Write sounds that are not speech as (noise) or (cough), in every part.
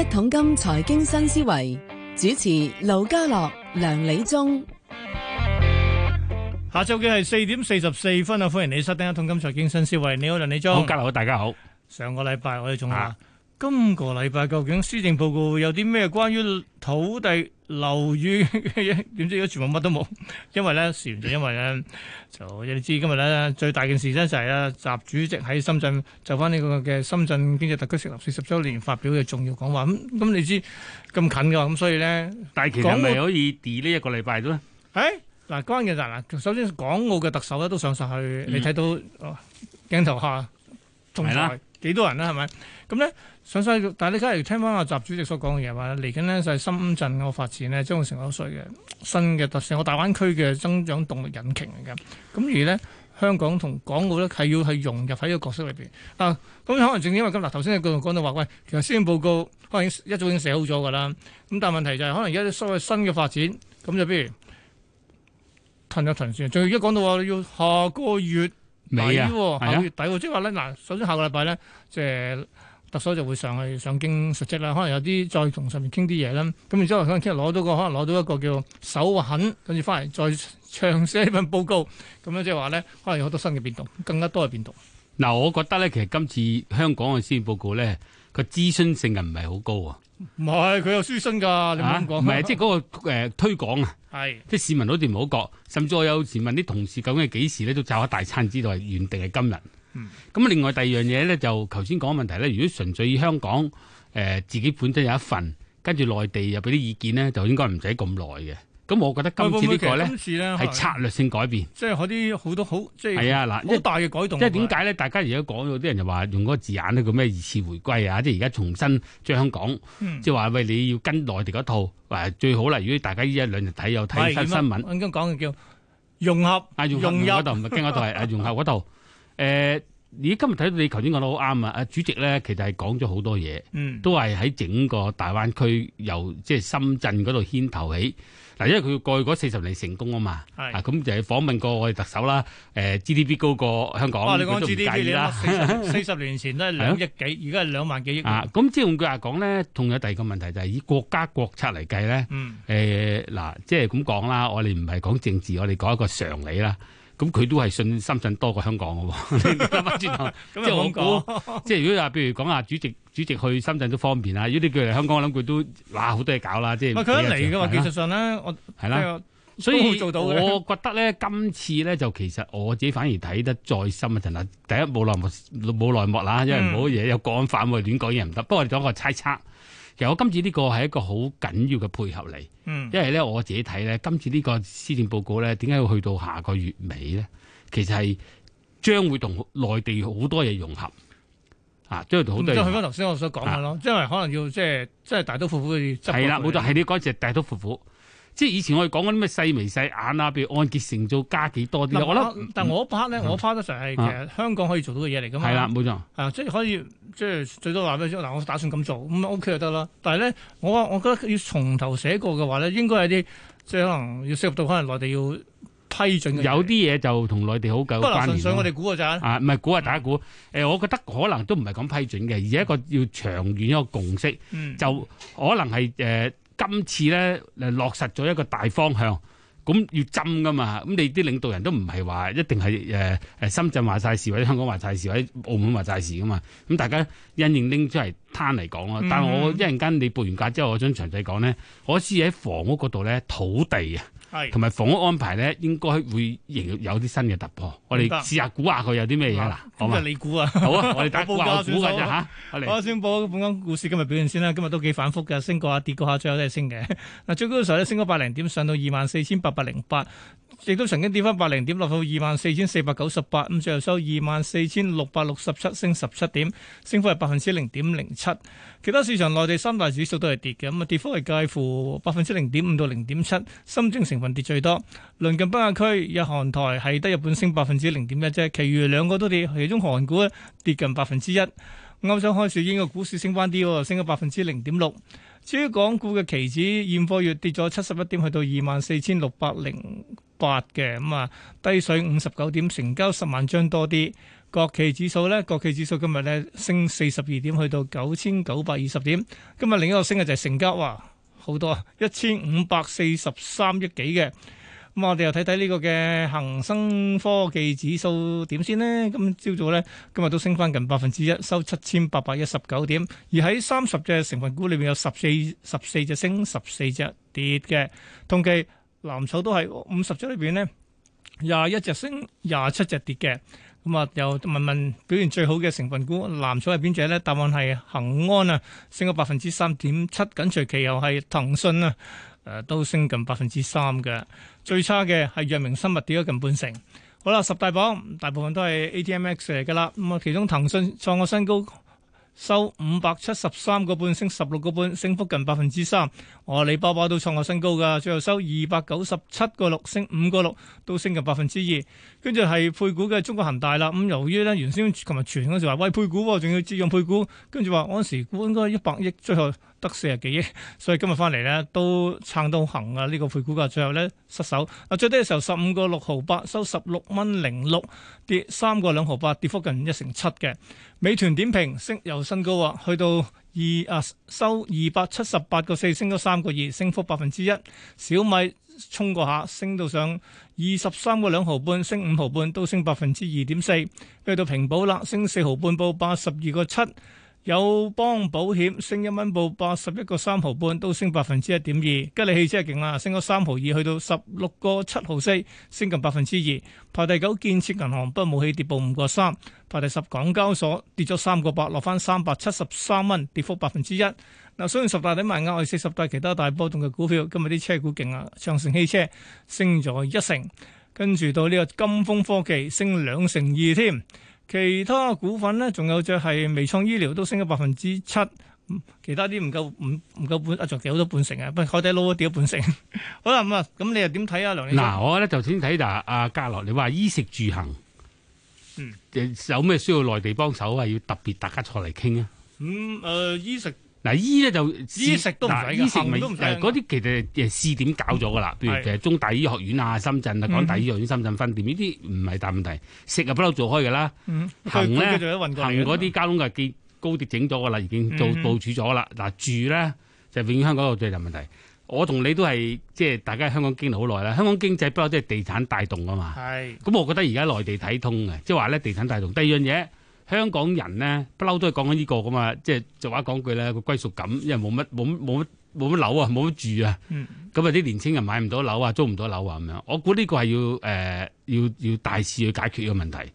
一桶金財經新思維，主持劉家樂、梁理中，下晝嘅係四點四十四分啊！歡迎你收聽一桶金財經新思維。你好梁理中，好家樂，大家好。上個禮拜我哋仲話。啊今個禮拜究竟施政報告有啲咩關於土地樓宇？點知而家全部乜都冇，因為咧，完全就因為咧，就你知今日咧最大件事咧就係咧，習主席喺深圳就翻呢個嘅深圳經濟特區成立四十周年發表嘅重要講話。咁、嗯、咁、嗯、你知咁近嘅話，咁所以咧，大係講實可以地呢一個禮拜都誒，嗱、欸，關鍵就嗱，首先港澳嘅特首咧都上上去，嗯、你睇到鏡、哦、頭下，仲係啦幾多人啦，係咪？咁咧。上世，但係你而家如果聽翻阿習主席所講嘅嘢，話嚟緊呢就係深圳個發展呢將會成個所謂嘅新嘅特性，個大灣區嘅增長動力引擎嚟嘅。咁而呢，香港同港澳咧係要係融入喺呢個角色裏邊啊。咁可能正因為咁嗱，頭先佢講到話喂，其實施政報告可能一早已經寫好咗㗎啦。咁但係問題就係可能而家所謂新嘅發展，咁就譬如騰就騰先。仲要而家講到話要下個月尾啊，下個月底喎，即係話咧嗱，首先下個禮拜咧即係。特首就會上去上京述職啦，可能有啲再同上面傾啲嘢啦，咁然之後可能聽日攞到個，可能攞到一個叫手痕，跟住翻嚟再上寫一份報告，咁樣即係話咧，可能有好多新嘅變動，更加多嘅變動。嗱，我覺得咧，其實今次香港嘅施政報告咧，個諮詢性嘅唔係好高啊。唔係，佢有諮詢㗎，你唔好咁講。唔係，即係嗰個誒推廣啊。係。啲市民好似唔好覺，甚至我有時問啲同事，究竟係幾時咧都就喺大餐知道係原定係今日。咁、嗯、另外第二樣嘢咧，就頭先講嘅問題咧，如果純粹香港誒、呃、自己本身有一份，跟住內地又俾啲意見咧，就應該唔使咁耐嘅。咁、嗯、我覺得今次，這個、今次呢個咧係策略性改變，即係嗰啲好多好即係好大嘅改動。即係點解咧？大家而家講到啲人就話用嗰個字眼呢，叫咩二次回歸啊？即係而家重新將香港，嗯、即係話喂你要跟內地嗰套，最好啦。如果大家呢一兩日睇又睇新新聞，啱先講嘅叫融合，啊、融合嗰度唔係經嗰度係融合嗰度。 (laughs) 誒，而今日睇到你頭先講得好啱啊！啊，主席咧，其實係講咗好多嘢，嗯，都係喺整個大灣區由即係深圳嗰度牽頭起。嗱，因為佢過去嗰四十年成功是啊嘛，係咁就訪問過我哋特首啦，誒、呃、GDP 高過香港，啊、你講 GDP 啦，四十說 (laughs) 年前都係兩億幾，而家係兩萬幾億啊。咁即係用句話講咧，仲有第二個問題就係以國家國策嚟計咧，誒嗱、嗯啊，即係咁講啦。我哋唔係講政治，我哋講一個常理啦。咁佢都係信深圳多過香港嘅喎，即係講，即係 (laughs) 如果話，譬如講啊，主席主席去深圳都方便啊，如果你叫嚟香港，我諗佢都哇好多嘢搞啦，即、就、係、是。佢一嚟嘅話，啊、技術上咧，我係啦、啊啊，所以我覺得咧，今次咧就其實我自己反而睇得再深一層，第一，冇內幕冇內幕啦，因為冇嘢有個國安法會亂講嘢唔得，不過我講個猜測。其實我今次呢個係一個好緊要嘅配合嚟，因為咧我自己睇咧今次呢個施政報告咧點解要去到下個月尾咧？其實係將會同內地好多嘢融合啊，將會同內地。去翻頭先我想講嘅咯，因為、啊、可能要即係即係大刀闊斧嘅。係啦，冇錯，係呢感謝大刀闊斧。即係以前我哋講緊啲咩細眉細眼啊，譬如按揭成做加幾多啲咯。但我覺得，但係我嗰 part 咧，嗯、我 part 都成係其實香港可以做到嘅嘢嚟㗎嘛。係啦，冇錯。啊，即係可以，即係最多話畀你知。嗱，我打算咁做，咁、嗯、OK 就得啦。但係咧，我我覺得要從頭寫過嘅話咧，應該係啲即係可能要涉及到可能內地要批准嘅。有啲嘢就同內地好緊關聯、啊。不過純粹我哋估個咋？啊、嗯，唔係估啊，大家估。誒、呃，我覺得可能都唔係咁批准嘅，而係一個要長遠一個共識，嗯、就可能係誒。呃今次咧，落實咗一個大方向，咁要浸噶嘛。咁你啲領導人都唔係話一定係誒、呃、深圳話晒事，或者香港話晒事，或者澳門話晒事噶嘛？咁大家印象拎出嚟攤嚟講啊。但係我一陣間你報完價之後，我想詳細講咧，我先喺房屋嗰度咧土地啊。係，同埋是房屋安排呢，應該會仍有啲新嘅突破。行我哋試下估下佢有啲咩嘢啦，好嘛？你估坐啊？好啊！我哋大家估下。我先報本港股市今日表現先啦。今日都幾反復嘅，升過下，跌過下，最後都係升嘅。嗱， (laughs) 最高嘅時候咧升咗百零點，上到二萬四千八百零八，亦都曾經跌翻百零點，落到二萬四千四百九十八。咁最後收二萬四千六百六十七，升十七點，升幅係百分之零點零七。其他市場內地三大指數都係跌嘅，咁啊跌幅係介乎百分之零點五到零點七。深證成平均跌最多，鄰近北亞區日韓台係得日本升百分之零點一啫，其餘兩個都跌，其中韓股咧跌近百分之一。歐洲開市，英國股市升翻啲，升咗百分之零點六。至於港股嘅期指，現貨月跌咗七十一點，去到二萬四千六百零八嘅，咁啊低水五十九點，成交十萬張多啲。國企指數咧，國企指數今日咧升四十二點，去到九千九百二十點。今日另一個升嘅就係成交啊。好多啊，一千五百四十三億幾嘅。咁我哋又睇睇呢個嘅恒生科技指數點先咧？今朝早咧，今日都升翻近百分之一，收七千八百一十九點。而喺三十隻成份股裏邊有十四十四隻升，十四隻跌嘅。同期藍籌都係五十隻裏邊咧，廿一隻升，廿七隻跌嘅。咁啊，又問問表現最好嘅成分股，藍籌係邊隻咧？答案係恒安啊，升咗百分之三點七，緊隨其後係騰訊啊，誒、呃、都升近百分之三嘅。最差嘅係藥明生物，跌咗近半成。好啦，十大榜大部分都係 ATMX 嚟噶啦，咁啊，其中騰訊創個新高。收五百七十三個半，升十六個半，包包升幅近百分之三。阿里巴巴都創下新高㗎，最後收二百九十七個六，5. 升五個六，都升近百分之二。跟住係配股嘅中國恒大啦，咁由於咧原先琴日傳嗰時話喂配股、哦，仲要自用配股，跟住話按時估應該一百億，最後，得四十幾億，所以今日翻嚟呢都撐到行啊！呢個配股價最後呢失手，啊最低嘅時候十五個六毫八，收十六蚊零六，跌三個兩毫八，跌幅近一成七嘅。美團點評升，由新高啊，去到二啊收二百七十八個四，升咗三個二，升幅百分之一。小米衝過下，升到上二十三個兩毫半，升五毫半，都升百分之二點四。去到平保啦，升四毫半報八十二個七。友邦保險升一蚊，報八十一個三毫半，都升百分之一點二。吉利汽車勁啊，升咗三毫二，去到十六個七毫四，升近百分之二。排第九建設銀行不冇起跌，報五個三。排第十港交所跌咗三個八，落翻三百七十三蚊，跌幅百分之一。嗱，雖然十大頂萬壓，我哋四十大其他大波動嘅股票，今日啲車股勁啊，長城汽車升咗一成，跟住到呢個金風科技升兩成二添。其他股份咧，仲有就係微創醫療都升咗百分之七，其他啲唔夠唔唔夠半，啊仲有幾多半成啊？不過海底撈都跌咗半成。好啦，咁啊，咁你又點睇啊，梁先生？嗱，我咧就先睇啊，阿家樂，你話衣食住行，嗯，有咩需要內地幫手啊？要特別大家坐嚟傾啊？咁誒、嗯呃，衣食。嗱，醫咧就醫食都唔使，醫食、就是、都唔使。嗰啲、啊、其實嘅試點搞咗噶啦，譬、嗯、如是其實中大醫學院啊、深圳啊，港大醫學院深圳分店呢啲唔係大問題。食啊不嬲做開噶啦，嗯、行咧呢行嗰啲交通嘅高鐵整咗噶啦，已經做部署咗啦。嗱、嗯啊、住咧就是、永遠香港一個最大問題。我同你都係即係大家喺香港經歷好耐啦。香港經濟不嬲都係地產帶動啊嘛。咁是我覺得而家喺內地睇通嘅，即係話咧地產帶動。第二樣嘢。香港人咧不嬲都係講緊呢個噶嘛，即係俗話講句咧個歸屬感，因為冇乜冇乜冇乜冇乜樓啊，冇乜住啊，咁啊啲年青人買唔到樓啊，租唔到樓啊咁樣，我估呢個係要誒、呃、要要大肆去解決嘅問題。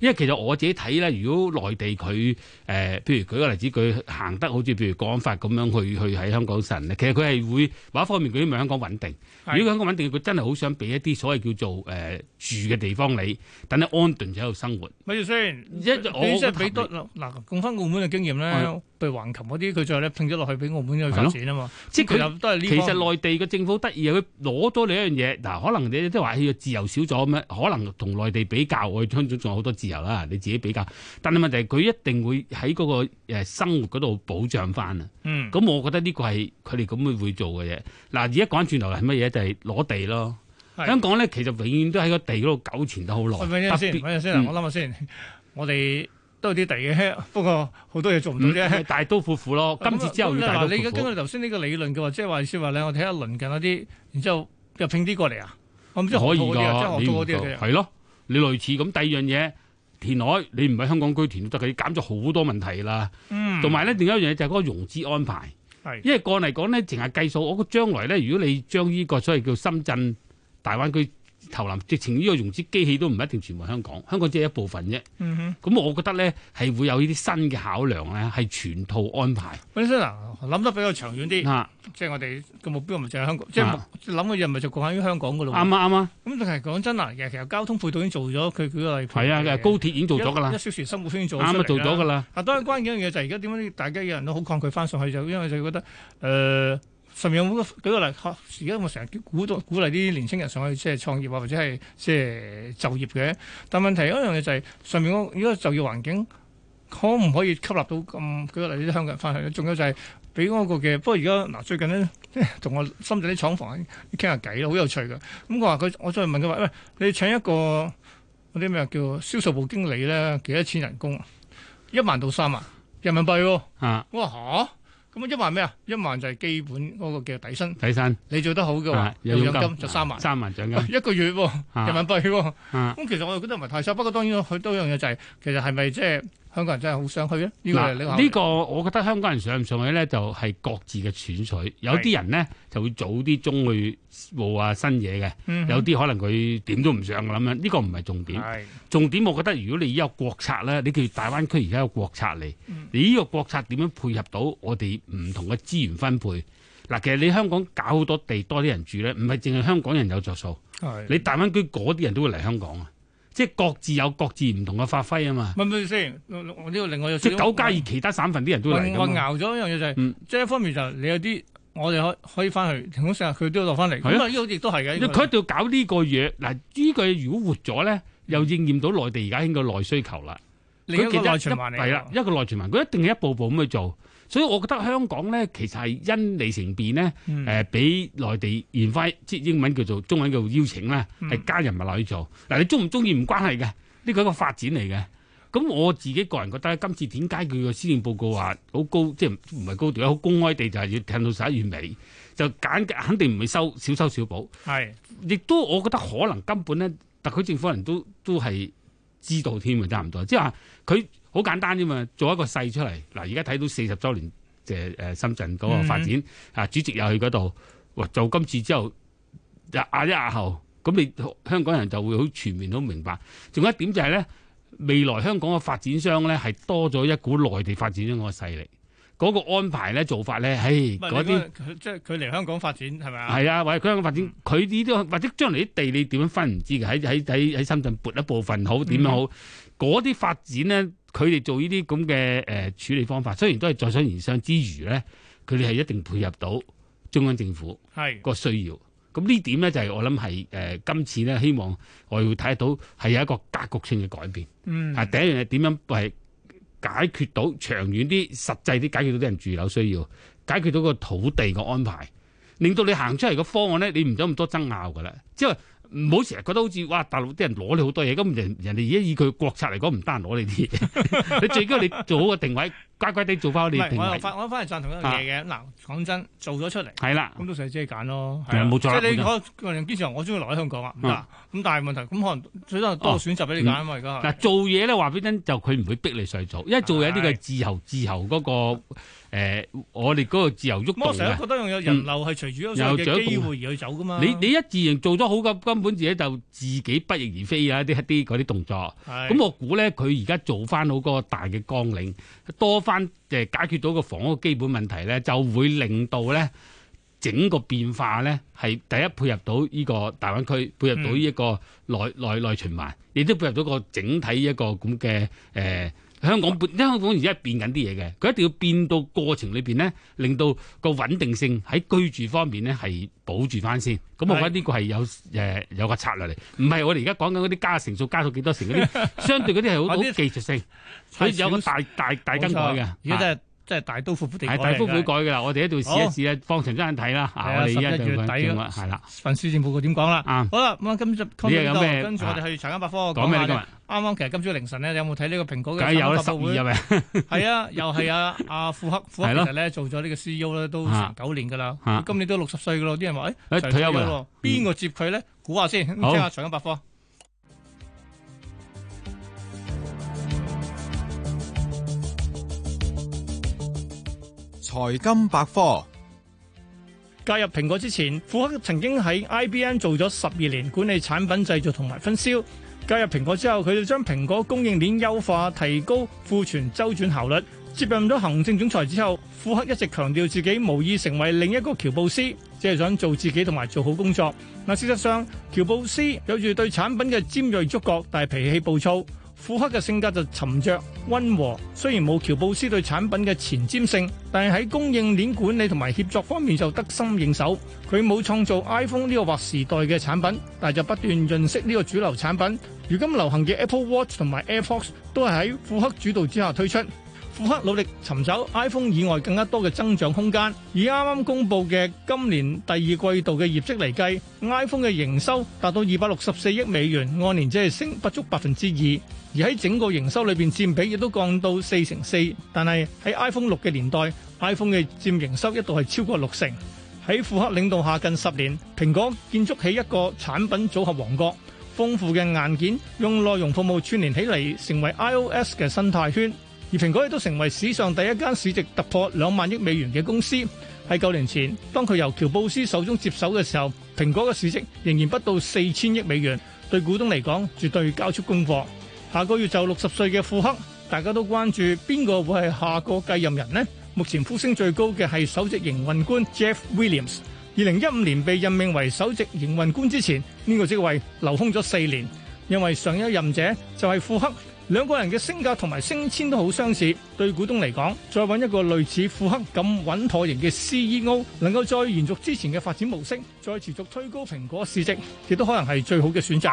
因為其實我自己睇咧，如果內地佢誒、呃，譬如舉個例子，佢行得好似譬如港法咁樣去去喺香港神咧，其實佢係會某一方面佢，因為香港穩定，的如果香港穩定，佢真係好想俾一啲所謂叫做誒、呃、住嘅地方你，等你安頓咗喺度生活。咪住先，一我你即係俾多嗱，共翻澳門嘅經驗咧。嗯譬如橫琴嗰啲，佢最後咧拼咗落去俾澳門去發展啊嘛，即係佢都係其實內地嘅政府得意佢攞咗你一樣嘢，嗱，可能你都話佢自由少咗可能同內地比較，我哋香港仲有好多自由啦，你自己比較。但係問題佢一定會喺嗰個誒生活嗰度保障翻啊。咁、嗯、我覺得呢個係佢哋咁會會做嘅嘢。嗱，而家講轉頭係乜嘢？就係、是、攞地咯。的香港咧，其實永遠都喺個地嗰度糾纏得好耐。等陣先、嗯，我諗下先，我哋。都係啲地嘅，不過好多嘢做唔到啫、嗯。大刀闊斧咯，今次之後要大刀闊斧，你而家根據頭先呢個理論嘅話，即係話説話咧，我睇下鄰近嗰啲，然之後又拼啲過嚟啊。可以㗎，你係咯，你類似咁第二樣嘢，填海你唔係香港居填得佢減咗好多問題啦。同埋咧，另一樣嘢就係嗰個融資安排。是因為過嚟講咧，淨係計數。我覺得將來咧，如果你將呢個所謂叫深圳大灣區。投籃直情呢個融資機器都唔一定全部香港，香港只係一部分啫。咁、嗯、哼我覺得呢係會有呢啲新嘅考量呢係全套安排。本身嗱諗得比較長遠啲，啊、即係我哋嘅目標咪就係香港，啊、即係諗嘅嘢咪就局限於香港嘅咯。啱啊啱啊！咁但係講真啊、嗯，其實其實交通配套已經做咗，佢佢係係啊，高鐵已經做咗㗎啦，一小時生活圈已經做啱啊，做咗㗎啦。啊，當然關鍵一樣嘢就係而家點解大家有人都好抗拒翻上去，就因為就覺得誒。呃上面有冇舉個例，而家我成日鼓動鼓勵啲年青人上去即係創業啊，或者係即係就業嘅。但問題一樣嘢就係上面嗰個就業環境可唔可以吸納到咁？舉個例，啲香港人翻去咧，仲有就係俾嗰個嘅。不過而家嗱，最近咧，即係同我深圳啲廠房傾下偈咧，好有趣嘅。咁佢話佢，我再問佢話：喂，你請一個嗰啲咩叫銷售部經理咧，幾多錢人工？一萬到三萬人民幣喎、哦。啊！我話咁一萬咩啊？一萬就係基本嗰個叫底薪。底薪？你做得好嘅話，啊、有獎金、獎金就三萬、啊。三萬獎金、啊、一個月、啊，人民幣。咁其實我哋覺得唔係太少，不過當然好多樣嘢就係、是、其實係咪即係？香港人真係好想去啊！呢、這個我覺得香港人上唔上去咧，就係、是、各自嘅選取。是有啲人呢，就會早啲鍾去摸下新嘢嘅，嗯、哼有啲可能佢點都唔上咁樣。呢、這個唔係重點，是重點我覺得如果你有國策咧，你叫大灣區而家有國策嚟，嗯、你呢個國策點樣配合到我哋唔同嘅資源分配？嗱，其實你香港搞好多地多啲人住咧，唔係淨係香港人有着數，是你大灣區嗰啲人都會嚟香港啊！即係各自有各自唔同嘅發揮啊嘛！問問先，我呢、這個另外有即係九加二其他省份啲人都嚟噶嘛？我熬咗一樣嘢就係、是，嗯、即係一方面就係、你有啲我哋可可以翻去，騰好上佢都要落翻嚟。因為，呢個亦都係嘅。佢喺度搞呢、這個嘢，嗱、這、呢、個這個如果活咗咧，又應驗到內地而家興個內需求啦。佢其實係啦，一個內傳聞，佢一,一定一步步咁去做，所以我覺得香港咧，其實係因利乘便咧。誒、嗯，俾內、呃、地延翻，即係英文叫做中文叫，叫邀請啦，係加、嗯、人物落去做。嗱，你中唔中意唔關係嘅，呢、這個係一個發展嚟嘅。咁我自己個人覺得，今次點解佢個施政報告話好高，即係唔係高調，好公開地就係要聽到十一月尾，就簡肯定唔會收小修小補。係是，亦都我覺得可能根本咧，特區政府的人都都係。知道添啊，差唔多，即係話佢好簡單啫嘛，做一個勢出嚟。嗱，而家睇到四十周年嘅誒深圳嗰個發展，啊、嗯，主席又去嗰度，做。今次之後，就壓一壓後，咁你香港人就會好全面好明白。仲有一點就係、是、咧，未來香港嘅發展商咧係多咗一股內地發展商嘅勢力。嗰個安排咧，做法咧，唉，啲說些即係佢嚟香港發展係咪啊？係啊，或者佢香港發展，佢呢啲或者將來啲地理點樣分唔知嘅，喺喺喺喺深圳撥一部分好點樣好，嗰啲、嗯、發展咧，佢哋做呢啲咁嘅誒處理方法，雖然都係在商言商之餘咧，佢哋係一定配合到中央政府係個需要。咁、嗯、呢點咧就係、是、我諗係誒今次咧希望我會睇到係有一個格局性嘅改變。嗯、啊第一樣嘢點樣係？解決到長遠啲，實際啲，解決到啲人住樓需要，解決到個土地個安排，令到你行出嚟個方案咧，你唔使咁多爭拗噶啦，即係唔好成日覺得好似哇大陸啲人攞你好多嘢，咁人人哋而家以佢國策嚟講唔得閒攞你啲嘢，你最緊要你做好個定位，乖乖地做翻我哋嘅定位。我又翻我反而贊同一樣嘢嘅，嗱講真做咗出嚟，係啦，咁都使自己揀咯，係啊冇錯即係你可能經常我中意留喺香港啊，嗱咁但係問題咁可能最多多個選擇俾你揀啊嘛而家。嗱做嘢咧話俾真就佢唔會逼你上去做，因為做嘢呢個係自由自由嗰個。誒、呃，我哋嗰個自由喐動我成日覺得用有人流係隨住一個嘅機會而去走噶嘛。你你一自然做咗好個根本自己就自己不翼而飛啊！一啲一啲嗰啲動作，咁是我估咧，佢而家做翻好嗰個大嘅綱領，多翻誒解決到個房屋嘅基本問題咧，就會令到咧整個變化咧，係第一配入到呢個大灣區，配入到呢一個內、嗯、內內，內循環，亦都配入到個整體一個咁嘅誒。呃香港本身，香港而家變緊啲嘢嘅，佢一定要變到過程裏面咧，令到個穩定性喺居住方面咧係保住翻先。咁我覺得呢個係有有個策略嚟，唔係我哋而家講緊嗰啲加乘數加成數加到幾多成嗰啲，相對嗰啲係好好技術性，所以有咁大大大更改嘅。真即係大刀闊斧噉改，大刀闊斧改噶啦。我哋喺度試一試啊，方程真係睇啦。我哋下月底係啦，份施政報告點講啦？好啦，咁今朝康跟住我哋去長安百科講下。啱啱其實今朝凌晨咧，有冇睇呢個蘋果嘅發布會？係啊，又係啊。阿庫克，其實咧做咗呢個 C E O 咧都成九年噶啦，今年都六十歲噶咯，啲人話誒退休咗咯，邊個接佢咧？估下先，聽下長安百科？財金百科加入蘋果之前，庫克曾經喺 IBM 做咗十二年管理產品製造同埋分銷。加入蘋果之後，佢哋將蘋果供應鏈優化，提高庫存周轉效率。接任咗行政總裁之後，庫克一直強調自己無意成為另一個喬布斯，只係想做自己同埋做好工作。嗱，事實上，喬布斯有住對產品嘅尖銳觸覺，但係脾氣暴躁。庫克嘅性格就沉着温和，雖然冇喬布斯對產品嘅前瞻性，但係喺供應鏈管理同埋協作方面就得心應手。佢冇創造 iPhone 呢個劃時代嘅產品，但係就不斷潤色呢個主流產品。如今流行嘅 Apple Watch 同埋 AirPods 都係喺庫克主導之下推出。庫克努力尋找 iPhone 以外更加多嘅增長空間。以啱啱公布嘅今年第二季度嘅業績嚟計，iPhone 嘅營收達到二百六十四億美元，按年只係升不足百分之二，而喺整個營收裏面佔比亦都降到四成四。但係喺 iPhone 六嘅年代，iPhone 嘅佔營收一度係超過六成。喺庫克領導下，近十年蘋果建築起一個產品組合王國，豐富嘅硬件用內容服務串聯起嚟，成為 iOS 嘅生態圈。而蘋果亦都成為史上第一間市值突破兩萬億美元嘅公司。喺九年前，當佢由喬布斯手中接手嘅時候，蘋果嘅市值仍然不到四千億美元。對股東嚟講，絕對要交出功課。下個月就六十歲嘅庫克，大家都關注邊個會係下個繼任人呢？目前呼聲最高嘅係首席營運官 Jeff Williams。二零一五年被任命為首席營運官之前，呢個職位留空咗四年，因為上一任者就係庫克。兩個人嘅升格同埋升遷都好相似，對股東嚟講，再揾一個類似庫克咁穩妥型嘅 CEO，能夠再延續之前嘅發展模式，再持續推高蘋果市值，亦都可能係最好嘅選擇。